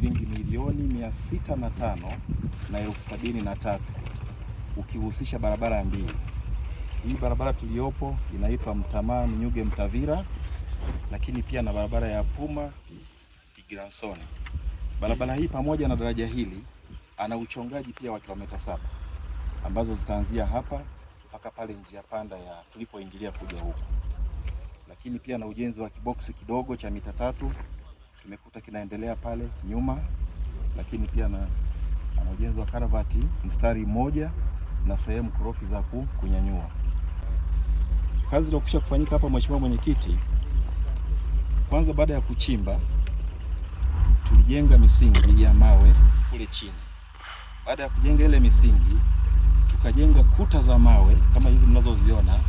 shilingi milioni mia sita na tano na elfu sabini na tatu ukihusisha barabara mbili. Hii barabara tuliyopo inaitwa Mtamaa Mnyuge Mtavira, lakini pia na barabara ya Puma Igransoni. Barabara hii pamoja na daraja hili ana uchongaji pia wa kilomita saba ambazo zitaanzia hapa mpaka pale njia panda ya tulipoingilia kuja huku, lakini pia na ujenzi wa kiboksi kidogo cha mita tatu tumekuta kinaendelea pale nyuma, lakini pia na, na ujenzi wa karavati mstari mmoja na sehemu korofi za kunyanyua. Kazi iliyokwisha kufanyika hapa, Mheshimiwa Mwenyekiti, kwanza baada ya kuchimba tulijenga misingi ya mawe kule chini. Baada ya kujenga ile misingi tukajenga kuta za mawe kama hizi mnazoziona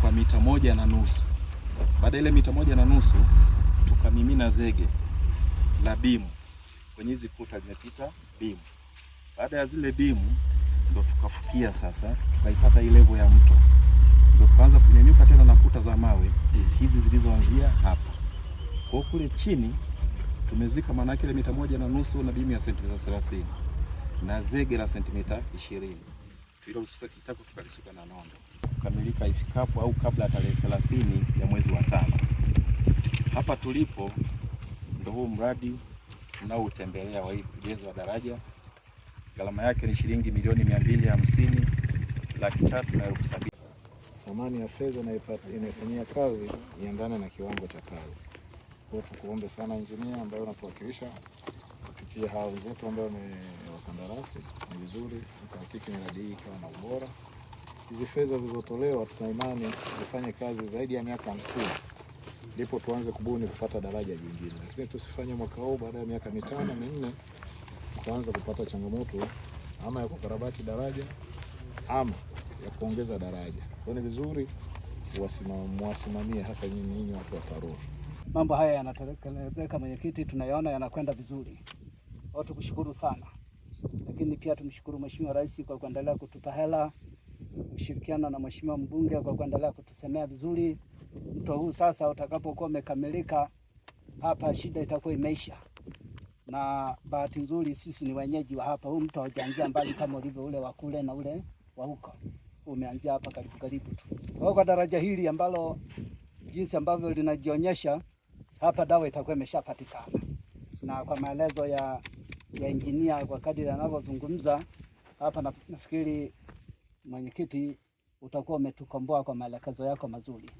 kwa mita moja na nusu. Baada ya ile mita moja na nusu tukamimina zege la bimu kwenye hizi kuta, zimepita bimu. Baada ya zile bimu ndo tukafukia sasa, tukaipata hii level ya mto, ndo tukaanza kunyanyuka tena na kuta za mawe hizi zilizoanzia hapa kwa kule chini. Tumezika maana yake ile mita moja na nusu na bimu ya sentimita 30 na zege la sentimita 20 tulilosuka kitako tukalisuka na nondo kukamilika ifikapo au kabla ya tarehe 30 ya mwezi wa tano hapa tulipo ndo huu mradi unaoutembelea wa ujenzi wa daraja. Gharama yake ni shilingi milioni mia mbili hamsini laki tatu na elfu sabini. Thamani ya fedha inayofanyia kazi iendane na kiwango cha kazi. Kwa hiyo tukuombe sana injinia, ambayo unatuwakilisha kupitia hawa wenzetu ambayo ni wakandarasi, ni vizuri ukahakiki miradi hii ikawa na ubora. Hizi fedha zilizotolewa, tuna imani zifanye kazi zaidi ya miaka hamsini ndipo tuanze kubuni kupata daraja jingine, lakini tusifanye mwaka huu, baada ya miaka mitano minne tutaanza kupata changamoto ama ya kukarabati daraja ama ya kuongeza daraja. Kwa ni vizuri wasimamie hasa nyinyi watu wa TARURA. Mambo haya yanatekelezeka, mwenyekiti, tunayaona yanakwenda vizuri. Tukushukuru sana, lakini pia tumshukuru Mheshimiwa Rais kwa kuendelea kutupa hela, kushirikiana na Mheshimiwa mbunge kwa kuendelea kutusemea vizuri mto huu sasa utakapokuwa umekamilika hapa, shida itakuwa imeisha. Na bahati nzuri sisi ni wenyeji wa hapa. Huu mto haujaanzia mbali kama ulivyo ule wa kule na ule wa huko, umeanzia hapa karibu karibu tu. Kwa hiyo kwa daraja hili ambalo jinsi ambavyo linajionyesha hapa, dawa itakuwa imeshapatikana, na kwa maelezo ya ya injinia kwa kadiri anavyozungumza hapa, nafikiri mwenyekiti, utakuwa umetukomboa kwa maelekezo yako mazuri.